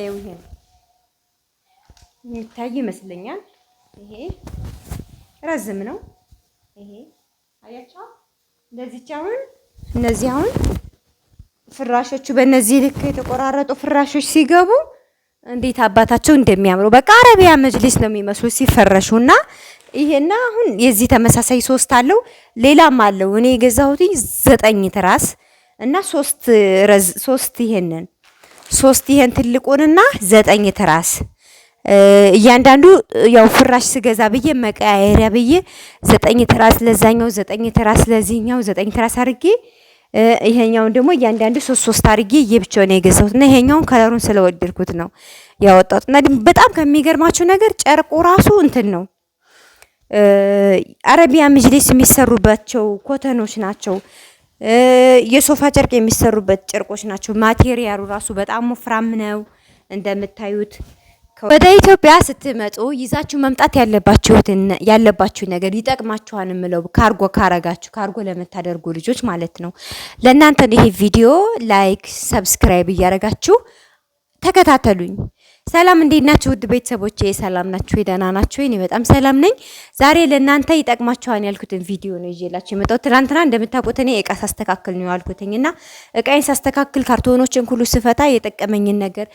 ይሄው ይሄ የሚታይ ይመስለኛል። ይሄ ረዝም ነው። ይሄ አያችሁ እንደዚህ አሁን እነዚህ አሁን ፍራሾቹ በእነዚህ ልክ የተቆራረጡ ፍራሾች ሲገቡ እንዴት አባታቸው እንደሚያምሩ በቃ አረቢያ መጅሊስ ነው የሚመስሉ ሲፈረሹና ይሄና አሁን የዚህ ተመሳሳይ ሶስት አለው ሌላም አለው። እኔ የገዛሁት ዘጠኝ ትራስ እና ሶስት ሶስት ይሄንን ሶስት ይሄን ትልቁንና ዘጠኝ ትራስ እያንዳንዱ ያው ፍራሽ ስገዛ ብዬ መቀያየሪያ ብዬ ዘጠኝ ትራስ ለዛኛው ዘጠኝ ትራስ ለዚህኛው ዘጠኝ ትራስ አድርጌ ይሄኛውን ደግሞ እያንዳንዱ ሶስት ሶስት አድርጌ ነው የገዛሁት እና ይሄኛውን ከለሩን ስለወደድኩት ነው ያወጣሁት። እና በጣም ከሚገርማችሁ ነገር ጨርቁ ራሱ እንትን ነው አረቢያ ምጅሊስ የሚሰሩባቸው ኮተኖች ናቸው። የሶፋ ጨርቅ የሚሰሩበት ጨርቆች ናቸው። ማቴሪያሉ ራሱ በጣም ወፍራም ነው እንደምታዩት። ወደ ኢትዮጵያ ስትመጡ ይዛችሁ መምጣት ያለባችሁ ነገር ይጠቅማችኋን የምለው ካርጎ ካረጋችሁ ካርጎ ለምታደርጉ ልጆች ማለት ነው። ለእናንተ ይሄ ቪዲዮ ላይክ፣ ሰብስክራይብ እያረጋችሁ ተከታተሉኝ። ሰላም እንዴት ናችሁ? ውድ ቤተሰቦቼ ሰላም ናችሁ? ደህና ናችሁ? እኔ በጣም ሰላም ነኝ። ዛሬ ለእናንተ ይጠቅማችኋን ያልኩትን ቪዲዮ ነው ይዤላችሁ የመጣሁት። ትናንትና እንደምታውቁት እኔ እቃ ሳስተካክል ነው ያልኩትኝ እና እቃዬን ሳስተካክል ካርቶኖችን ሁሉ ስፈታ የጠቀመኝን ነገር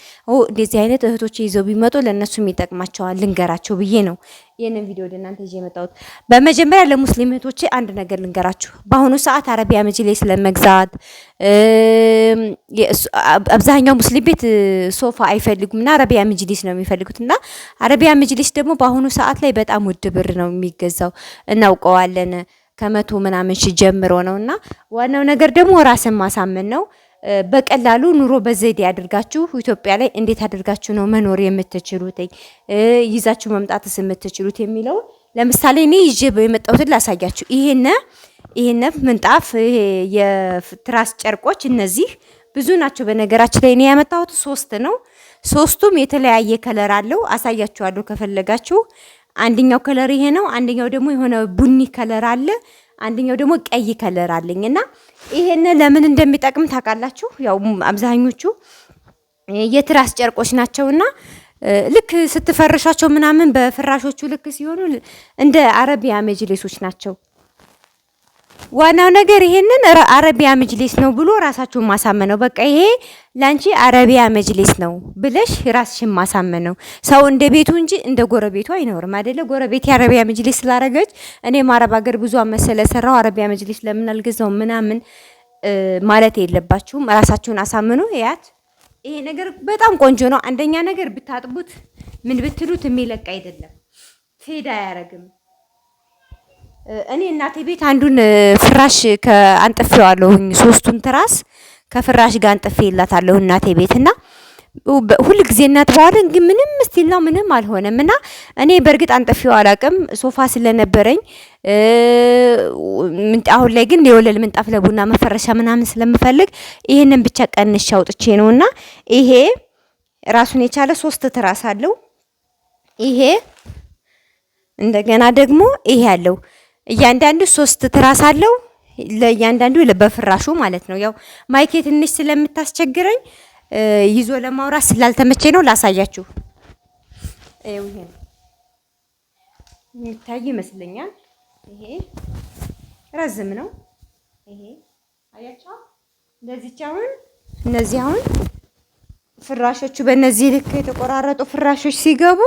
እንደዚህ አይነት እህቶች ይዘው ቢመጡ ለእነሱም ይጠቅማቸዋል ልንገራቸው ብዬ ነው ይህንን ቪዲዮ ወደ እናንተ ይዤ የመጣሁት በመጀመሪያ ለሙስሊም እህቶቼ አንድ ነገር ልንገራችሁ። በአሁኑ ሰዓት አረቢያ መጅሊስ ለመግዛት አብዛኛው ሙስሊም ቤት ሶፋ አይፈልጉም እና አረቢያ መጅሊስ ነው የሚፈልጉት እና አረቢያ መጅሊስ ደግሞ በአሁኑ ሰዓት ላይ በጣም ውድ ብር ነው የሚገዛው እናውቀዋለን። ከመቶ ምናምን ሺ ጀምሮ ነው እና ዋናው ነገር ደግሞ ራስን ማሳመን ነው። በቀላሉ ኑሮ በዘዴ አድርጋችሁ ኢትዮጵያ ላይ እንዴት አድርጋችሁ ነው መኖር የምትችሉት ይዛችሁ መምጣትስ የምትችሉት የሚለውን ለምሳሌ እኔ ይዤ የመጣሁትን ላሳያችሁ። ይሄነ ይሄነ ምንጣፍ የትራስ ጨርቆች እነዚህ ብዙ ናቸው። በነገራችን ላይ እኔ ያመጣሁት ሶስት ነው። ሶስቱም የተለያየ ከለር አለው። አሳያችኋለሁ ከፈለጋችሁ። አንደኛው ከለር ይሄ ነው። አንደኛው ደግሞ የሆነ ቡኒ ከለር አለ። አንደኛው ደግሞ ቀይ ከለር አለኝ እና ይሄን ለምን እንደሚጠቅም ታውቃላችሁ? ያው አብዛኞቹ የትራስ ጨርቆች ናቸውና ልክ ስትፈርሻቸው ምናምን በፍራሾቹ ልክ ሲሆኑ እንደ አረቢያ መጅሊሶች ናቸው። ዋናው ነገር ይሄንን አረቢያ መጅሊስ ነው ብሎ ራሳችሁን ማሳመነው። በቃ ይሄ ላንቺ አረቢያ መጅሊስ ነው ብለሽ ራስሽን ማሳመነው። ሰው እንደ ቤቱ እንጂ እንደ ጎረቤቱ አይኖርም አይደለ? ጎረቤት የአረቢያ መጅሊስ ስላረገች እኔም አረብ ሀገር ብዙ አመት ሰራው አረቢያ መጅሊስ ለምን አልገዛው ምናምን ማለት የለባችሁም። ራሳችሁን አሳምኑ። ያት ይሄ ነገር በጣም ቆንጆ ነው። አንደኛ ነገር ብታጥቡት ምን ብትሉት የሚለቅ አይደለም፣ ፌድ አያረግም። እኔ እናቴ ቤት አንዱን ፍራሽ ከአንጥፌዋለሁኝ ሶስቱን ትራስ ከፍራሽ ጋር አንጥፌላታለሁ እናቴ ቤት እና ሁል ጊዜ እናጥበዋለን፣ ግን ምንም ስቲል ነው ምንም አልሆነም። እና እኔ በእርግጥ አንጥፌው አላውቅም ሶፋ ስለነበረኝ አሁን ላይ ግን የወለል ምንጣፍ ለቡና መፈረሻ ምናምን ስለምፈልግ ይሄንን ብቻ ቀንሽ አውጥቼ ነው። እና ይሄ ራሱን የቻለ ሶስት ትራስ አለው። ይሄ እንደገና ደግሞ ይሄ አለው። እያንዳንዱ ሶስት ትራስ አለው። ለእያንዳንዱ በፍራሹ ማለት ነው። ያው ማይኬ ትንሽ ስለምታስቸግረኝ ይዞ ለማውራት ስላልተመቼ ነው ላሳያችሁ። ይሄ የሚታይ ይመስለኛል። ይሄ ረዝም ነው። ይሄ አያቸው እንደዚች አሁን እነዚህ አሁን ፍራሾቹ በእነዚህ ልክ የተቆራረጡ ፍራሾች ሲገቡ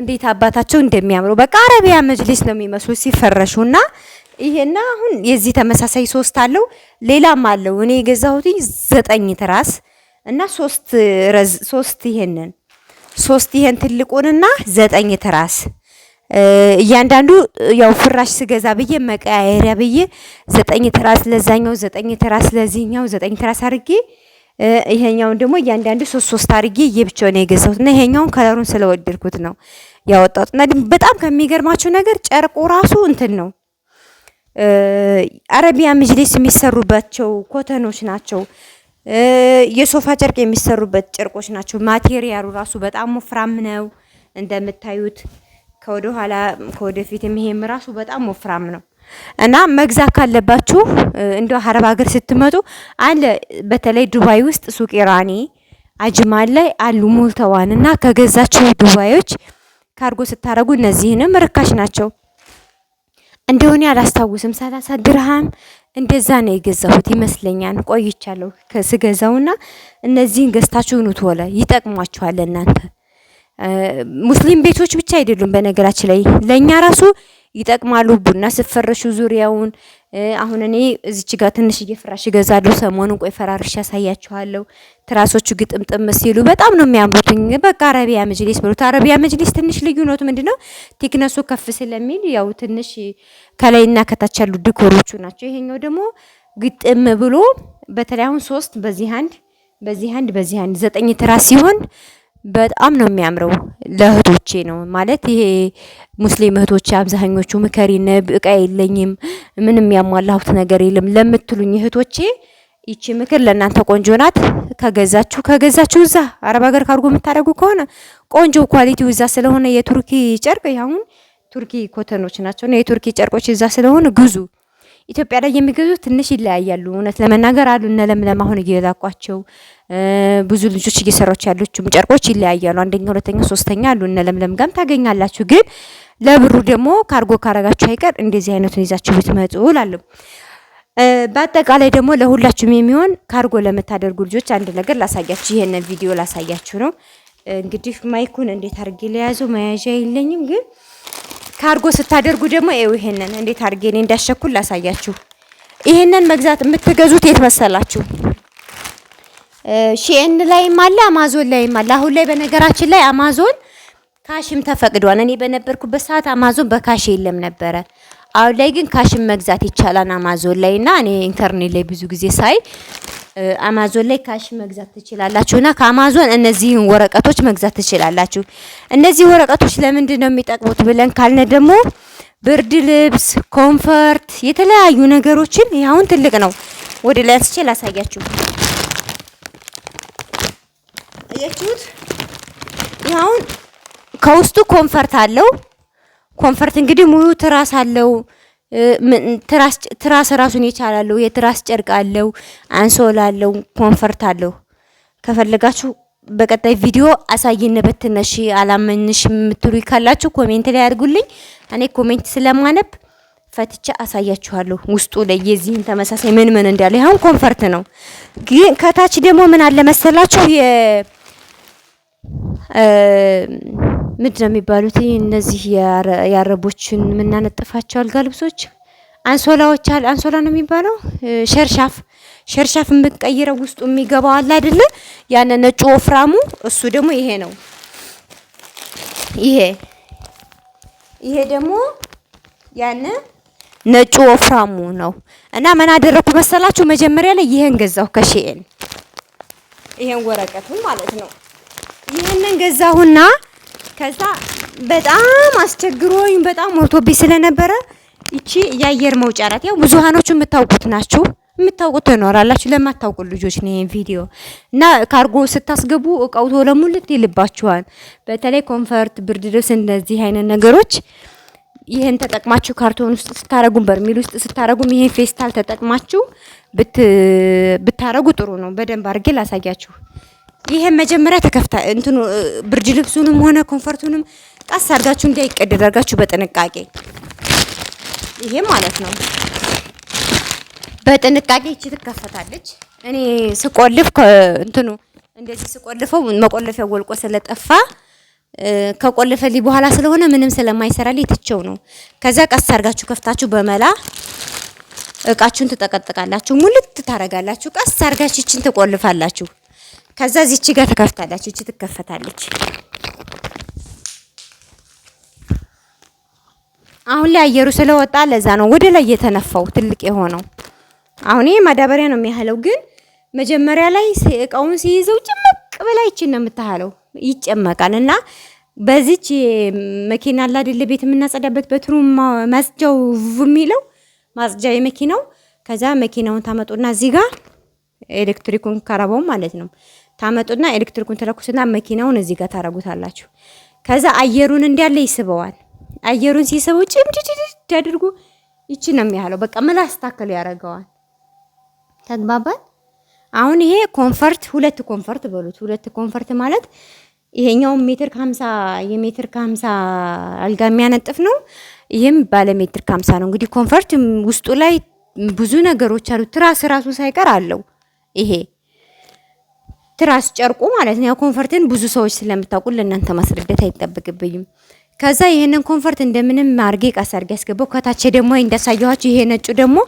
እንዴት አባታቸው እንደሚያምሩ በቃ አረቢያ መጅሊስ ነው የሚመስሉ ሲፈረሹና ይሄና አሁን የዚህ ተመሳሳይ ሶስት አለው ሌላም አለው። እኔ የገዛሁት ዘጠኝ ትራስ እና ሶስት ረዝ ሶስት ይሄንን ሶስት ይሄን ትልቁንና ዘጠኝ ትራስ እያንዳንዱ ያው ፍራሽ ስገዛ ብዬ መቀያየሪያ ብዬ ዘጠኝ ትራስ ለዛኛው ዘጠኝ ትራስ ለዚህኛው ዘጠኝ ትራስ አድርጌ ይሄኛውን ደግሞ እያንዳንዱ ሶስት ሶስት አድርጌ ነው የገዛሁት እና ይሄኛውን ከለሩን ስለወደድኩት ነው ያወጣሁት። እና በጣም ከሚገርማችሁ ነገር ጨርቁ ራሱ እንትን ነው አረቢያ መጅሊስ የሚሰሩባቸው ኮተኖች ናቸው። የሶፋ ጨርቅ የሚሰሩበት ጨርቆች ናቸው። ማቴሪያሉ ራሱ በጣም ወፍራም ነው እንደምታዩት ከወደኋላ ከወደፊትም ይሄም ራሱ በጣም ወፍራም ነው። እና መግዛት ካለባችሁ እንደ አረብ ሀገር ስትመጡ አለ በተለይ ዱባይ ውስጥ ሱቅ ኢራኒ አጅማል ላይ አሉ ሞልተዋን እና ከገዛችሁ ዱባዮች ካርጎ ስታረጉ እነዚህንም ርካሽ ናቸው እንደሆነ አላስታውስም። ሰላሳ ድርሃም እንደዛ ነው የገዛሁት ይመስለኛል። ቆይቻለሁ ከስገዛውና እነዚህን ገዝታችሁ ኑት ወለ ይጠቅሟችኋል። እናንተ ሙስሊም ቤቶች ብቻ አይደሉም በነገራችን ላይ ለእኛ ራሱ ይጠቅማሉ። ቡና ስፈረሹ ዙሪያውን። አሁን እኔ እዚች ጋር ትንሽዬ ፍራሽ እገዛለሁ። ሰሞኑን ቆይ ፈራርሽ ያሳያችኋለሁ። ትራሶቹ ግጥምጥም ሲሉ በጣም ነው የሚያምሩትኝ። በቃ አረቢያ መጅሊስ ብሉት። አረቢያ መጅሊስ ትንሽ ልዩነቱ ምንድነው? ቴክነሱ ከፍ ስለሚል ያው ትንሽ ከላይና ከታች ያሉ ድኮሮቹ ናቸው። ይሄኛው ደግሞ ግጥም ብሎ በተለይ አሁን ሶስት በዚህ አንድ በዚህ አንድ በዚህ አንድ ዘጠኝ ትራስ ሲሆን በጣም ነው የሚያምረው። ለእህቶቼ ነው ማለት ይሄ ሙስሊም እህቶች አብዛኞቹ ምከሪን፣ እቃ የለኝም ምንም ያሟላሁት ነገር የለም ለምትሉኝ እህቶቼ ይቺ ምክር ለእናንተ ቆንጆ ናት። ከገዛችሁ ከገዛችሁ እዛ አረብ ሀገር ካርጎ የምታደርጉ ከሆነ ቆንጆ ኳሊቲው እዛ ስለሆነ የቱርኪ ጨርቅ አሁን ቱርኪ ኮተኖች ናቸው እና የቱርኪ ጨርቆች እዛ ስለሆነ ግዙ። ኢትዮጵያ ላይ የሚገዙ ትንሽ ይለያያሉ። እውነት ለመናገር አሉ እነ ለምለም አሁን እየላኳቸው ብዙ ልጆች እየሰራች ያለችም ጨርቆች ይለያያሉ። አንደኛ፣ ሁለተኛ፣ ሶስተኛ አሉ እነ ለምለም ጋም ታገኛላችሁ። ግን ለብሩ ደግሞ ካርጎ ካረጋችሁ አይቀር እንደዚህ አይነቱን ይዛችሁ ብትመጡ እላለሁ። በአጠቃላይ ደግሞ ለሁላችሁም የሚሆን ካርጎ ለምታደርጉ ልጆች አንድ ነገር ላሳያችሁ፣ ይሄን ቪዲዮ ላሳያችሁ ነው። እንግዲህ ማይኩን እንዴት አድርጌ ለያዘው መያዣ የለኝም ግን ካርጎ ስታደርጉ ደግሞ ይኸው ይሄንን እንዴት አድርጌ እኔ አሳያችሁ ላሳያችሁ። ይሄንን መግዛት የምትገዙት የት መሰላችሁ? ሺኤን ላይም አለ አማዞን ላይም አለ። አሁን ላይ በነገራችን ላይ አማዞን ካሽም ተፈቅዷል። እኔ በነበርኩበት ሰዓት አማዞን በካሽ የለም ነበረ። አሁን ላይ ግን ካሽን መግዛት ይቻላል አማዞን ላይ እና እኔ ኢንተርኔት ላይ ብዙ ጊዜ ሳይ አማዞን ላይ ካሽ መግዛት ትችላላችሁ እና ከአማዞን እነዚህን ወረቀቶች መግዛት ትችላላችሁ። እነዚህ ወረቀቶች ለምንድን ነው የሚጠቅሙት ብለን ካልነ ደግሞ ብርድ ልብስ፣ ኮምፈርት፣ የተለያዩ ነገሮችን ይኸውን ትልቅ ነው። ወደ ላይ አንስቼ ላሳያችሁ። አያችሁት? ይኸውን ከውስጡ ኮምፈርት አለው ኮንፈርት እንግዲህ ሙሉ ትራስ አለው። ትራስ ራሱን የቻላለው የትራስ ጨርቅ አለው፣ አንሶላ አለው፣ ኮንፈርት አለው። ከፈለጋችሁ በቀጣይ ቪዲዮ አሳይነበት ትነሽ አላመንሽ የምትሉ ካላችሁ ኮሜንት ላይ አድርጉልኝ። እኔ ኮሜንት ስለማነብ ፈትቼ አሳያችኋለሁ። ውስጡ ላይ የዚህን ተመሳሳይ ምን ምን እንዳለ ይሁን ኮንፈርት ነው። ግን ከታች ደግሞ ምን አለ መሰላችሁ የ ምድር ነው የሚባሉት? እነዚህ የአረቦችን የምናነጥፋቸው አልጋ ልብሶች አንሶላዎች፣ አንሶላ ነው የሚባለው፣ ሸርሻፍ ሸርሻፍ የምንቀይረው ውስጡ የሚገባው አለ አይደለ? ያነ ነጩ ወፍራሙ፣ እሱ ደግሞ ይሄ ነው። ይሄ ይሄ ደግሞ ያነ ነጩ ወፍራሙ ነው። እና ምን አደረኩ መሰላችሁ? መጀመሪያ ላይ ይሄን ገዛሁ ከሼን፣ ይሄን ወረቀቱ ማለት ነው። ይሄንን ገዛሁና ከዛ በጣም አስቸግሮኝ በጣም ወርቶብኝ ስለነበረ ይቺ የአየር መውጫ ናት። ያው ብዙሃኖቹ የምታውቁት ናችሁ የምታውቁት ትኖራላችሁ። ለማታውቁ ልጆች ነው ይህን ቪዲዮ እና ካርጎ ስታስገቡ እቃው ቶሎ ሙልት ይልባችኋል። በተለይ ኮንፈርት፣ ብርድ ልብስ፣ እንደዚህ አይነት ነገሮች ይህን ተጠቅማችሁ ካርቶን ውስጥ ስታረጉ፣ በርሚል ውስጥ ስታረጉም ይህን ፌስታል ተጠቅማችሁ ብታረጉ ጥሩ ነው። በደንብ አድርጌ ላሳያችሁ። ይሄ መጀመሪያ ተከፍታ እንትኑ ብርድ ልብሱንም ሆነ ኮንፈርቱንም ቀስ አድርጋችሁ እንዳይቀደድ አድርጋችሁ በጥንቃቄ ይሄ ማለት ነው። በጥንቃቄ እቺ ትከፈታለች። እኔ ስቆልፍ እንትኑ እንደዚህ ስቆልፈው መቆለፊያ ወልቆ ስለጠፋ ከቆለፈልኝ በኋላ ስለሆነ ምንም ስለማይሰራልኝ ትቼው ነው። ከዛ ቀስ አድርጋችሁ ከፍታችሁ በመላ እቃችሁን ትጠቀጥቃላችሁ፣ ሙልት ታረጋላችሁ። ቀስ አድርጋችሁ እቺን ትቆልፋላችሁ። ከዛ እዚች ጋር ተከፍታለች። እቺ ትከፈታለች። አሁን ላይ አየሩ ስለወጣ ለዛ ነው ወደ ላይ የተነፋው ትልቅ የሆነው። አሁን ይሄ ማዳበሪያ ነው የሚያህለው፣ ግን መጀመሪያ ላይ እቃውን ሲይዘው ጭምቅ ብላ ይችን ነው የምታህለው። ይጨመቃል እና በዚች መኪና አለ አይደል ቤት የምናጸዳበት በትሩ ማጽጃው የሚለው ማጽጃ የመኪናው ከዛ መኪናውን ታመጡና እዚህ ጋር ኤሌክትሪኩን ከረባው ማለት ነው ታመጡና ኤሌክትሪኩን ተለኩስና መኪናውን እዚህ ጋር ታረጉታላችሁ። ከዛ አየሩን እንዳለ ይስበዋል። አየሩን ሲስበው ጭምድድድ አድርጎ ይቺ ነው የሚያለው። በቃ ምላስ ታከሉ ያደርገዋል። ተግባባል። አሁን ይሄ ኮንፈርት ሁለት ኮንፈርት በሉት። ሁለት ኮንፈርት ማለት ይሄኛው ሜትር ከሀምሳ የሜትር ከሀምሳ አልጋ የሚያነጥፍ ነው። ይህም ባለ ሜትር ከሀምሳ ነው። እንግዲህ ኮንፈርት ውስጡ ላይ ብዙ ነገሮች አሉ። ትራስ ራሱ ሳይቀር አለው ይሄ ትራስ ጨርቁ ማለት ነው። ያው ኮንፈርትን ብዙ ሰዎች ስለምታውቁ ለእናንተ ማስረዳት አይጠበቅብኝም። ከዛ ይሄንን ኮንፈርት እንደምንም አድርጌ ቀስ አርጌ ያስገባው። ከታች ደግሞ እንዳሳየኋችሁ ይሄ ነጩ ደግሞ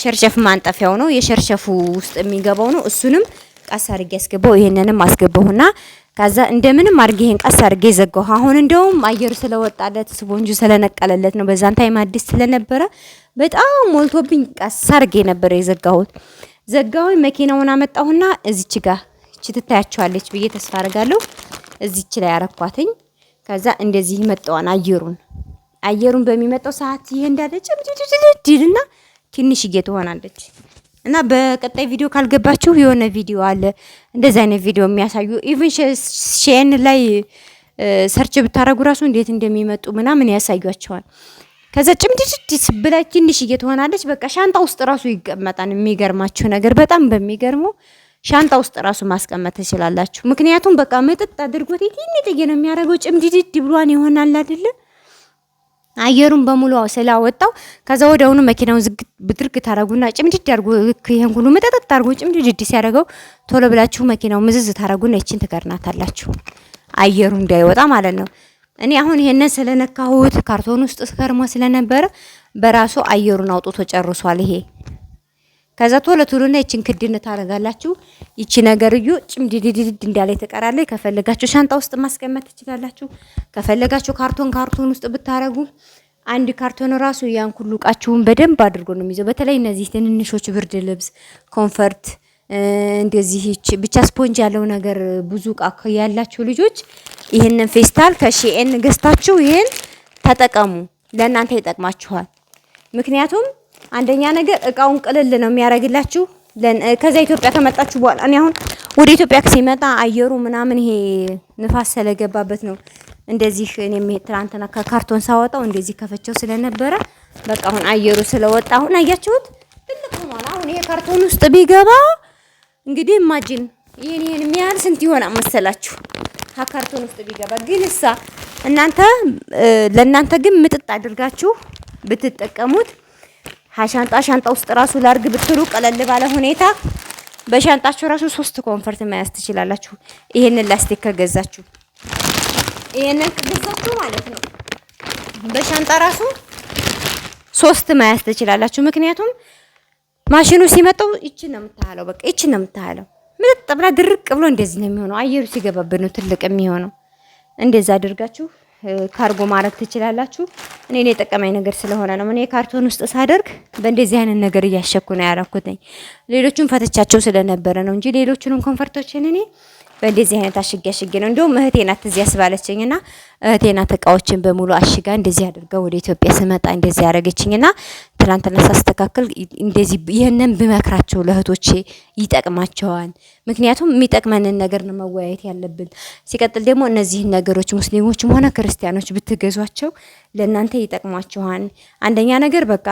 ሸርሸፍ ማንጠፊያው ነው፣ የሸርሸፉ ውስጥ የሚገባው ነው። እሱንም ቀስ አርጌ ያስገባው። ይሄንንም አስገባሁና ከዛ እንደምንም አርጌ ይሄን ቀስ አርጌ ዘጋሁ። አሁን እንደውም አየሩ ስለወጣለት ስቦንጁ ስለነቀለለት ነው። በዛን ታይም አዲስ ስለነበረ በጣም ሞልቶብኝ ቀስ አርጌ ነበር የዘጋሁት። ዘጋሁኝ። መኪናውን አመጣሁና እዚች ጋር ትታያቸዋለች ብዬ ተስፋ አደርጋለሁ። እዚች ላይ አረኳትኝ። ከዛ እንደዚህ መጣዋን አየሩን አየሩን በሚመጣው ሰዓት ይሄ እንዳለች ድልና ትንሽዬ ትሆናለች። እና በቀጣይ ቪዲዮ ካልገባችሁ የሆነ ቪዲዮ አለ እንደዚህ አይነት ቪዲዮ የሚያሳዩ ኢቭን ሼን ላይ ሰርች ብታረጉ ራሱ እንዴት እንደሚመጡ ምናምን ያሳያቸዋል። ከዛ ጭምድድድ ብላ ትንሽዬ ትሆናለች። በቃ ሻንጣ ውስጥ ራሱ ይቀመጣል። የሚገርማችሁ ነገር በጣም በሚገርመው ሻንጣ ውስጥ ራሱ ማስቀመጥ ትችላላችሁ። ምክንያቱም በቃ ምጥጥ አድርጎት ጥጌ ነው የሚያደርገው። ጭምድድድ ብሏን ይሆናል አይደለ? አየሩን በሙሉ ስላወጣው ከዛ ወደ ወዲያውኑ መኪናውን ዝግ ብድርግ ታረጉና ጭምድድ አርጉ። ልክ ይሄን ሁሉ መጠጠጥ አርጉ ጭምድድ ሲያደርገው ቶሎ ብላችሁ መኪናው ምዝዝ ታረጉና እቺን ትከርናታላችሁ። አየሩ እንዳይወጣ ማለት ነው። እኔ አሁን ይሄንን ስለነካሁት ካርቶን ውስጥ ከርሞ ስለነበረ በራሱ አየሩን አውጥቶ ጨርሷል ይሄ ከዛ ቶሎ ቶሎና ይችን ክድን ታረጋላችሁ። ይቺ ነገርዩ ጭምድድድድ እንዳለ ተቀራለ። ከፈለጋችሁ ሻንጣ ውስጥ ማስቀመጥ ትችላላችሁ። ከፈለጋችሁ ካርቶን ካርቶን ውስጥ ብታረጉ አንድ ካርቶን ራሱ ያን ሁሉ እቃችሁን በደንብ አድርጎ ነው የሚይዘው። በተለይ እነዚህ ትንንሾች ብርድ ልብስ፣ ኮንፈርት እንደዚህ ብቻ ስፖንጅ ያለው ነገር ብዙ እቃ ያላችሁ ልጆች ይህንን ፌስታል ከሺኤን ገዝታችሁ ይህን ተጠቀሙ። ለእናንተ ይጠቅማችኋል። ምክንያቱም አንደኛ ነገር እቃውን ቅልል ነው የሚያደርግላችሁ። ከዛ ኢትዮጵያ ከመጣችሁ በኋላ እኔ አሁን ወደ ኢትዮጵያ ሲመጣ አየሩ ምናምን ይሄ ንፋስ ስለገባበት ነው እንደዚህ እኔም ትላንትና ከካርቶን ሳወጣው እንደዚህ ከፈቸው ስለነበረ በቃ አሁን አየሩ ስለወጣ አሁን አያችሁት ትልቅ ሆኗል። አሁን ይሄ ካርቶን ውስጥ ቢገባ እንግዲህ ኢማጂን ይሄን ይሄን የሚያህል ስንት ይሆናል መሰላችሁ? ካርቶን ውስጥ ቢገባ ግን እሳ እናንተ ለእናንተ ግን ምጥጥ አድርጋችሁ ብትጠቀሙት ሻንጣ ሻንጣ ውስጥ ራሱ ላርግ ብትሉ ቀለል ባለ ሁኔታ በሻንጣችሁ ራሱ ሶስት ኮንፈርት መያዝ ትችላላችሁ። ይሄንን ላስቲክ ከገዛችሁ ይሄንን ከገዛችሁ ማለት ነው በሻንጣ ራሱ ሶስት መያዝ ትችላላችሁ። ምክንያቱም ማሽኑ ሲመጣው ይችን ነው የምታለው፣ በቃ ይችን ነው የምታለው። ምጥጥ ብላ ድርቅ ብሎ እንደዚህ ነው የሚሆነው። አየሩ ሲገባብን ነው ትልቅ የሚሆነው። እንደዛ አድርጋችሁ ካርጎ ማድረግ ትችላላችሁ። እኔን የጠቀመኝ ነገር ስለሆነ ነው። እኔ ካርቶን ውስጥ ሳደርግ በእንደዚህ አይነት ነገር እያሸኩ ነው ያደረኩትኝ። ሌሎቹን ፈተቻቸው ስለነበረ ነው እንጂ ሌሎቹንም ኮንፈርቶችን እኔ በእንደዚህ አይነት አሽጌ አሽጌ ነው። እንዲሁም እህቴና ናት እዚህ ያስባለችኝ እና እቃዎችን በሙሉ አሽጋ እንደዚህ አድርገው ወደ ኢትዮጵያ ስመጣ እንደዚህ ያደረገችኝ እና ትላንትና ሳስተካከል እንደዚህ ይህንን ብመክራቸው ለእህቶቼ ይጠቅማቸዋል። ምክንያቱም የሚጠቅመንን ነገር ነው መወያየት ያለብን። ሲቀጥል ደግሞ እነዚህን ነገሮች ሙስሊሞችም ሆነ ክርስቲያኖች ብትገዟቸው ለእናንተ ይጠቅሟቸዋል። አንደኛ ነገር በቃ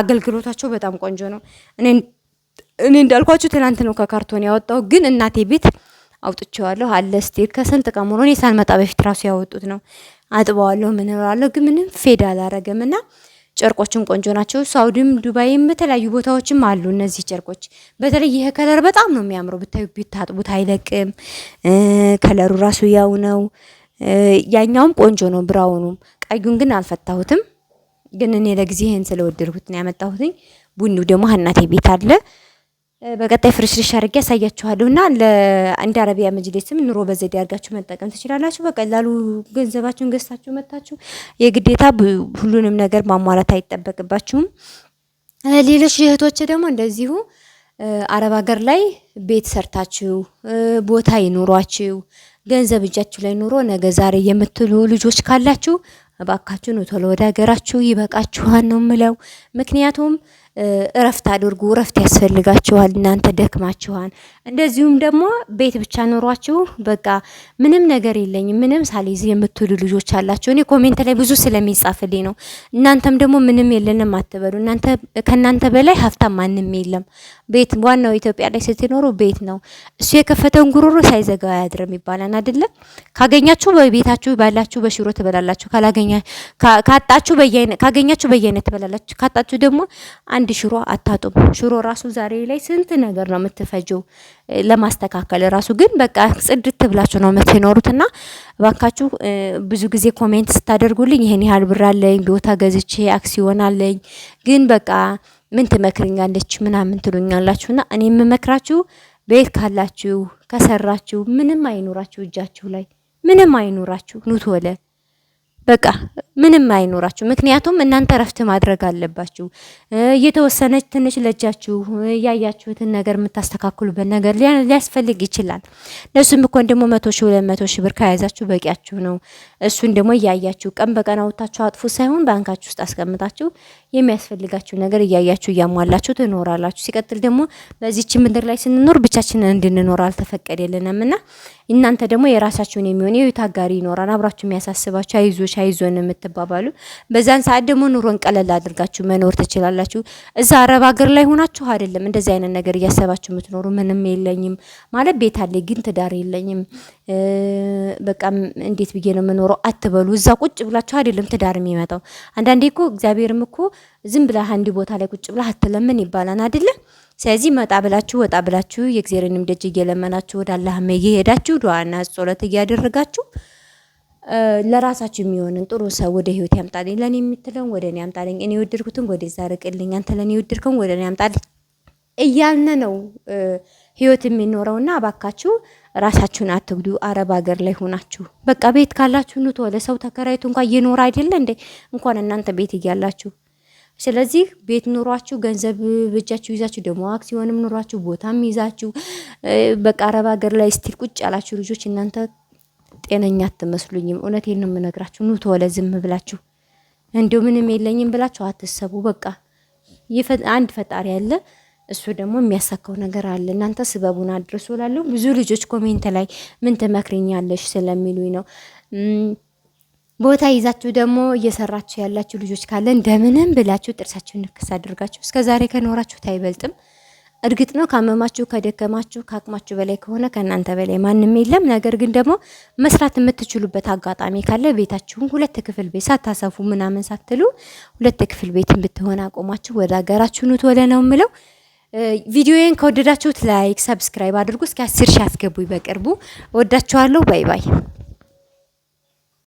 አገልግሎታቸው በጣም ቆንጆ ነው። እኔ እንዳልኳችሁ ትላንት ነው ከካርቶን ያወጣው፣ ግን እናቴ ቤት አውጥቼዋለሁ አለ ስቲል ከስንት ቀን ሙሉ እኔ ሳልመጣ በፊት ራሱ ያወጡት ነው። አጥበዋለሁ፣ ምን እላለሁ፣ ግን ምንም ፌድ አላረገም እና ጨርቆችም ቆንጆ ናቸው። ሳውዲም ዱባይም በተለያዩ ቦታዎችም አሉ እነዚህ ጨርቆች። በተለይ ይሄ ከለር በጣም ነው የሚያምረው። ብታዩ ቢታጥቡት አይለቅም። ከለሩ ራሱ ያው ነው። ያኛውም ቆንጆ ነው ብራውኑ። ቀዩን ግን አልፈታሁትም። ግን እኔ ለጊዜ ይህን ስለወደድኩት ነው ያመጣሁትኝ። ቡኒው ደግሞ ሀናቴ ቤት አለ በቀጣይ ፍርሽርሽ አድርጌ ያሳያችኋለሁ እና ለአንድ አረቢያ መጅሊስም ኑሮ በዘዴ አድርጋችሁ መጠቀም ትችላላችሁ። በቀላሉ ገንዘባችሁን ገዝታችሁ መታችሁ የግዴታ ሁሉንም ነገር ማሟላት አይጠበቅባችሁም። ሌሎች እህቶች ደግሞ እንደዚሁ አረብ ሀገር ላይ ቤት ሰርታችሁ ቦታ ይኑሯችሁ ገንዘብ እጃችሁ ላይ ኑሮ ነገ ዛሬ የምትሉ ልጆች ካላችሁ እባካችሁን ቶሎ ወደ ሀገራችሁ ይበቃችኋል ነው ምለው ምክንያቱም እረፍት አድርጉ። እረፍት ያስፈልጋችኋል። እናንተ ደክማችኋል። እንደዚሁም ደግሞ ቤት ብቻ ኖሯችሁ በቃ ምንም ነገር የለኝም ምንም ሳልይዝ የምትሉ ልጆች አላችሁ። እኔ ኮሜንት ላይ ብዙ ስለሚጻፍልኝ ነው። እናንተም ደግሞ ምንም የለንም አትበሉ። እናንተ ከእናንተ በላይ ሀብታም ማንም የለም። ቤት ዋናው ኢትዮጵያ ላይ ስትኖሩ ቤት ነው። እሱ የከፈተውን ጉሮሮ ሳይዘጋ አያድርም ይባላል አይደለም? ካገኛችሁ በቤታችሁ ባላችሁ በሽሮ ትበላላችሁ። ካላገኛ ካጣችሁ በየአይነት ካገኛችሁ በየአይነት ትበላላችሁ። ካጣችሁ ደግሞ አንድ ሽሮ አታጡም። ሽሮ ራሱ ዛሬ ላይ ስንት ነገር ነው የምትፈጀው ለማስተካከል ራሱ ግን በቃ ጽድት ብላችሁ ነው የምትኖሩት። እና ባካችሁ ብዙ ጊዜ ኮሜንት ስታደርጉልኝ ይሄን ያህል ብር አለኝ ቦታ ገዝቼ አክሲዮን አለኝ ግን በቃ ምን ትመክርኛለች ምናምን ትሉኛላችሁ። እና እኔ የምመክራችሁ ቤት ካላችሁ ከሰራችሁ ምንም አይኖራችሁ እጃችሁ ላይ ምንም አይኖራችሁ ኑት ወለ በቃ ምንም አይኖራችሁ። ምክንያቱም እናንተ ረፍት ማድረግ አለባችሁ። እየተወሰነች ትንሽ ለጃችሁ እያያችሁትን ነገር የምታስተካክሉበት ነገር ሊያስፈልግ ይችላል። ለእሱም እኮን ደግሞ መቶ ሺ ሁለት መቶ ሺ ብር ከያዛችሁ በቂያችሁ ነው። እሱን ደግሞ እያያችሁ ቀን በቀን አውታችሁ አጥፉ ሳይሆን ባንካችሁ ውስጥ አስቀምጣችሁ የሚያስፈልጋችሁ ነገር እያያችሁ እያሟላችሁ ትኖራላችሁ። ሲቀጥል ደግሞ በዚች ምድር ላይ ስንኖር ብቻችንን እንድንኖር አልተፈቀደልንም እና እናንተ ደግሞ የራሳችሁን የሚሆን የህይወት አጋሪ ይኖራል። አብራችሁ የሚያሳስባችሁ አይዞች አይዞን የምትባባሉ በዛን ሰዓት ደግሞ ኑሮን ቀለል አድርጋችሁ መኖር ትችላላችሁ። እዛ አረብ ሀገር ላይ ሆናችሁ አይደለም እንደዚህ አይነት ነገር እያሰባችሁ የምትኖሩ ምንም የለኝም ማለት ቤት አለ ግን ትዳር የለኝም በቃ እንዴት ብዬ ነው የምኖረው አትበሉ። እዛ ቁጭ ብላችሁ አይደለም ትዳር የሚመጣው። አንዳንዴ እኮ እግዚአብሔርም እኮ ዝም ብላህ አንድ ቦታ ላይ ቁጭ ብላህ አትለምን ይባላል አይደለ? ስለዚህ መጣ ብላችሁ ወጣ ብላችሁ የእግዚአብሔርንም ደጅ እየለመናችሁ ወደ አላህም እየሄዳችሁ ዱዓና ጸሎት እያደረጋችሁ ለራሳችሁ የሚሆንን ጥሩ ሰው ወደ ህይወት ያምጣልኝ፣ ለእኔ የምትለውን ወደ እኔ ያምጣልኝ፣ እኔ የወደድኩትን ወደ እዛ ርቅልኝ፣ አንተ ለእኔ የወደድከውን ወደ እኔ ያምጣልኝ እያልነ ነው ህይወት የሚኖረው የሚኖረውና እባካችሁ ራሳችሁን አትጉዱ። አረብ ሀገር ላይ ሆናችሁ በቃ ቤት ካላችሁ ኑቶ ለሰው ተከራይቱ እንኳ እየኖረ አይደለ እንዴ? እንኳን እናንተ ቤት እያላችሁ ስለዚህ ቤት ኑሯችሁ ገንዘብ በእጃችሁ ይዛችሁ ደግሞ አክሲዮንም ኑሯችሁ ቦታም ይዛችሁ በቃ አረብ ሀገር ላይ ስቲል ቁጭ ያላችሁ ልጆች እናንተ ጤነኛ አትመስሉኝም። እውነቴን ነው የምነግራችሁ። ኑ ተወለ ዝም ብላችሁ እንዲሁ ምንም የለኝም ብላችሁ አትሰቡ። በቃ አንድ ፈጣሪ አለ። እሱ ደግሞ የሚያሳካው ነገር አለ። እናንተ ስበቡን አድርሶ ላሉ ብዙ ልጆች ኮሜንት ላይ ምን ትመክሪኛለሽ ስለሚሉኝ ነው ቦታ ይዛችሁ ደግሞ እየሰራችሁ ያላችሁ ልጆች ካለ እንደምንም ብላችሁ ጥርሳችሁን ንክስ አድርጋችሁ እስከ ዛሬ ከኖራችሁት አይበልጥም። እርግጥ ነው ካመማችሁ፣ ከደከማችሁ፣ ከአቅማችሁ በላይ ከሆነ ከእናንተ በላይ ማንም የለም። ነገር ግን ደግሞ መስራት የምትችሉበት አጋጣሚ ካለ ቤታችሁን ሁለት ክፍል ቤት ሳታሰፉ ምናምን ሳትሉ ሁለት ክፍል ቤት ብትሆን አቆማችሁ ወደ ሀገራችሁ ኑት ነው የምለው። ቪዲዮዬን ከወደዳችሁት ላይክ፣ ሰብስክራይብ አድርጉ። እስከ አስር ሺ አስገቡኝ በቅርቡ ወዳችኋለሁ። ባይ ባይ።